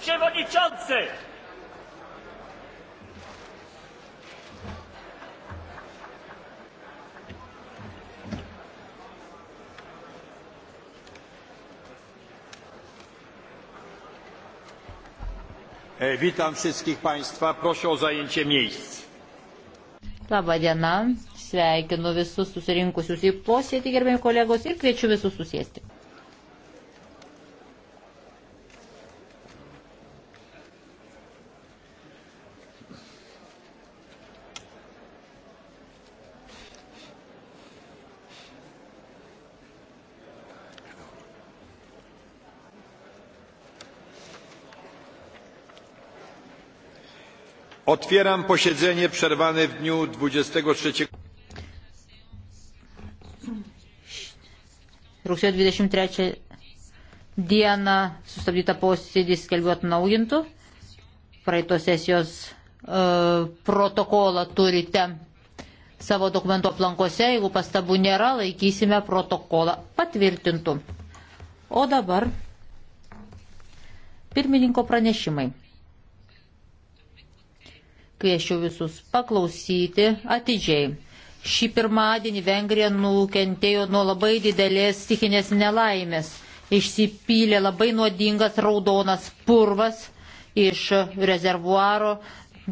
przewodniczący! E, witam wszystkich Państwa. Proszę o zajęcie miejsc. Labą dieną. Sveikinu visus susirinkusius į posėdį, gerbėjai kolegos, ir kviečiu visus susėsti. Otwieram posiedzenie przerwane w dniu 23. Rūksėjo 23 dieną sustabdyta posėdį skelbiu atnaujintų. Praeitos sesijos e, protokolą turite savo dokumento aplankose. Jeigu pastabų nėra, laikysime protokolą patvirtintų. O dabar pirmininko pranešimai kvieščiau visus paklausyti atidžiai. Šį pirmadienį Vengrija nukentėjo nuo labai didelės stikinės nelaimės. Išsipylė labai nuodingas raudonas purvas iš rezervuaro,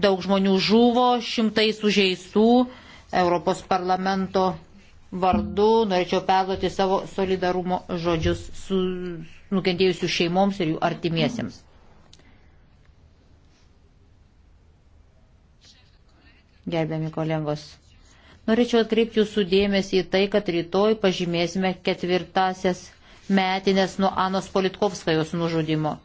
daug žmonių žuvo, šimtai sužeistų. Europos parlamento vardu norėčiau perduoti savo solidarumo žodžius su nukentėjusių šeimoms ir jų artimiesiems. gerbiami kolegos. Norėčiau atkreipti jūsų dėmesį į tai, kad rytoj pažymėsime ketvirtasias metinės nuo Anos Politkovskajos nužudimo.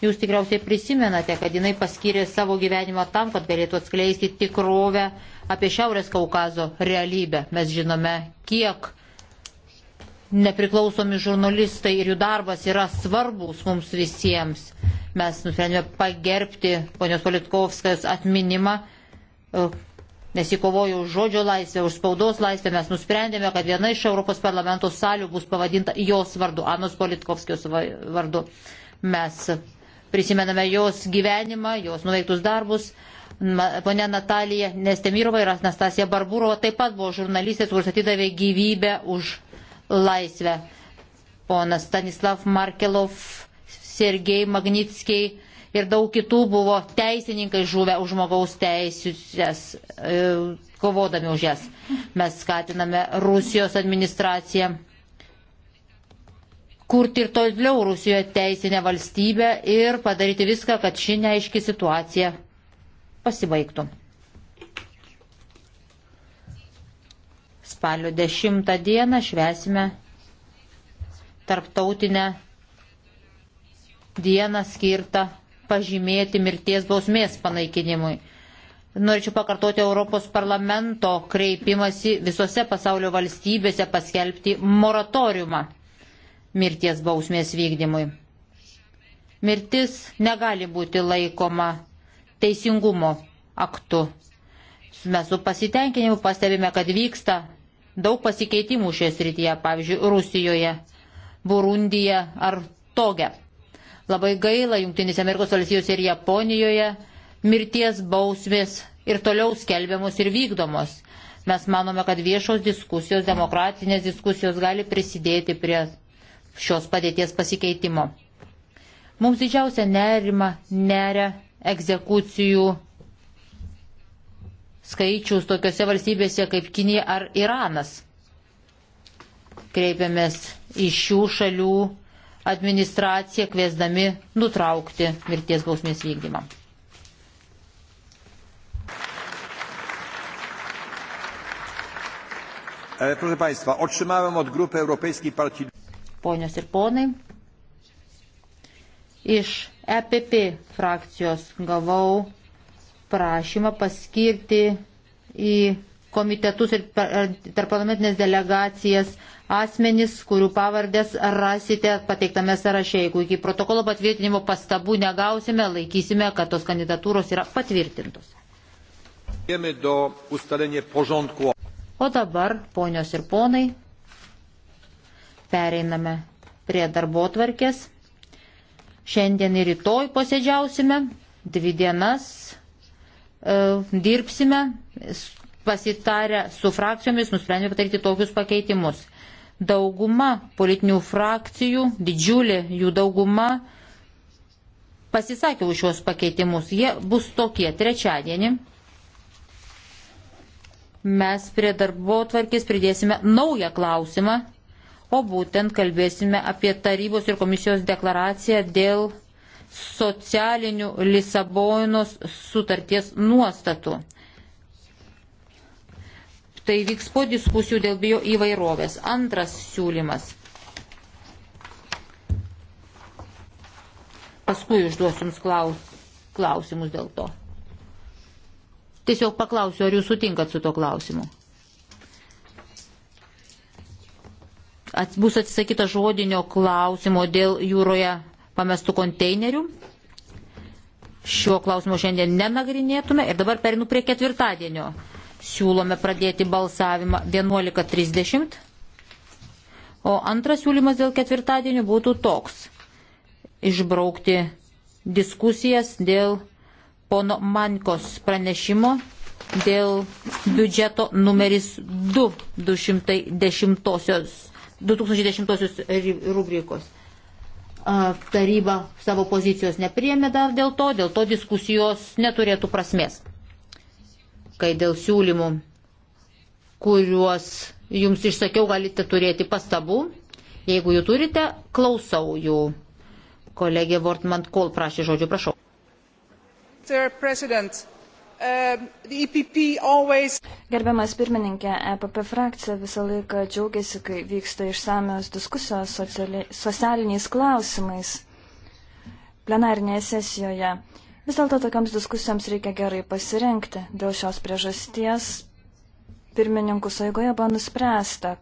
Jūs tikriausiai prisimenate, kad jinai paskyrė savo gyvenimą tam, kad galėtų atskleisti tikrovę apie Šiaurės Kaukazo realybę. Mes žinome, kiek nepriklausomi žurnalistai ir jų darbas yra svarbus mums visiems. Mes nusprendėme pagerbti ponios Politkovskas atminimą, Mes įkovojo už žodžio laisvę, už spaudos laisvę, mes nusprendėme, kad viena iš Europos parlamento salių bus pavadinta jos vardu, Anos Politkovskijos vardu. Mes prisimename jos gyvenimą, jos nuveiktus darbus. Pone Natalija Nestemirova ir Anastasija Barburova taip pat buvo žurnalistės, kur atidavė gyvybę už laisvę. Ponas Stanislav Markelov, Sergei Magnitskiai ir daug kitų buvo teisininkai žuvę už žmogaus teisės, e, kovodami už jas. Mes skatiname Rusijos administraciją kurti ir toliau Rusijoje teisinę valstybę ir padaryti viską, kad ši neaiški situacija pasibaigtų. Spalio 10 dieną švesime tarptautinę dieną skirtą pažymėti mirties bausmės panaikinimui. Norėčiau pakartoti Europos parlamento kreipimasi visose pasaulio valstybėse paskelbti moratoriumą mirties bausmės vykdymui. Mirtis negali būti laikoma teisingumo aktu. Mes su pasitenkinimu pastebime, kad vyksta daug pasikeitimų šioje srityje, pavyzdžiui, Rusijoje, Burundija ar Toge. Labai gaila, Junktinėse Amerikos valstijose ir Japonijoje mirties bausmės ir toliau skelbiamos ir vykdomos. Mes manome, kad viešos diskusijos, demokratinės diskusijos gali prisidėti prie šios padėties pasikeitimo. Mums didžiausia nerima neria egzekucijų skaičius tokiuose valstybėse kaip Kinija ar Iranas. Kreipiamės iš šių šalių administraciją kviesdami nutraukti mirties bausmės vykdymą. E, proszę Państwa, otrzymałem od Grupy Europejskiej Partii. Ponios ir ponai, iš EPP frakcijos gavau prašymą paskirti į komitetus ir tarp parlamentinės delegacijas asmenys, kurių pavardės rasite pateiktame sąraše. Jeigu iki protokolo patvirtinimo pastabų negausime, laikysime, kad tos kandidatūros yra patvirtintos. O dabar, ponios ir ponai, pereiname prie darbo tvarkės. Šiandien ir rytoj posėdžiausime, dvi dienas e, dirbsime, pasitarę su frakcijomis nusprendėme pateikti tokius pakeitimus. Dauguma politinių frakcijų, didžiulė jų dauguma, pasisakė už šios pakeitimus. Jie bus tokie trečiadienį. Mes prie darbo tvarkės pridėsime naują klausimą, o būtent kalbėsime apie tarybos ir komisijos deklaraciją dėl socialinių Lisabonos sutarties nuostatų. Tai vyks po diskusijų dėl bio įvairovės. Antras siūlymas. Paskui užduosiu Jums klaus, klausimus dėl to. Tiesiog paklausiu, ar Jūs sutinkat su to klausimu. At, bus atsisakyta žodinio klausimo dėl jūroje pamestų konteinerių. Šio klausimo šiandien nenagrinėtume ir dabar perinu prie ketvirtadienio siūlome pradėti balsavimą 11.30, o antras siūlymas dėl ketvirtadienio būtų toks - išbraukti diskusijas dėl pono Mankos pranešimo dėl biudžeto numeris 2 210, 2010 rubrikos. Taryba savo pozicijos nepriemė dar dėl to, dėl to diskusijos neturėtų prasmės kai dėl siūlymų, kuriuos jums išsakiau, galite turėti pastabų. Jeigu jų turite, klausau jų. Kolegė Vortman Kol prašė žodžių, prašau. Um, e Gerbiamas pirmininkė, EPP frakcija visą laiką džiaugiasi, kai vyksta išsamios diskusijos sociali, socialiniais klausimais plenarinėje sesijoje. Uh, Vis dėlto tokiams diskusijoms reikia gerai pasirinkti. Dėl šios priežasties pirmininkų saigoje buvo nuspręsta,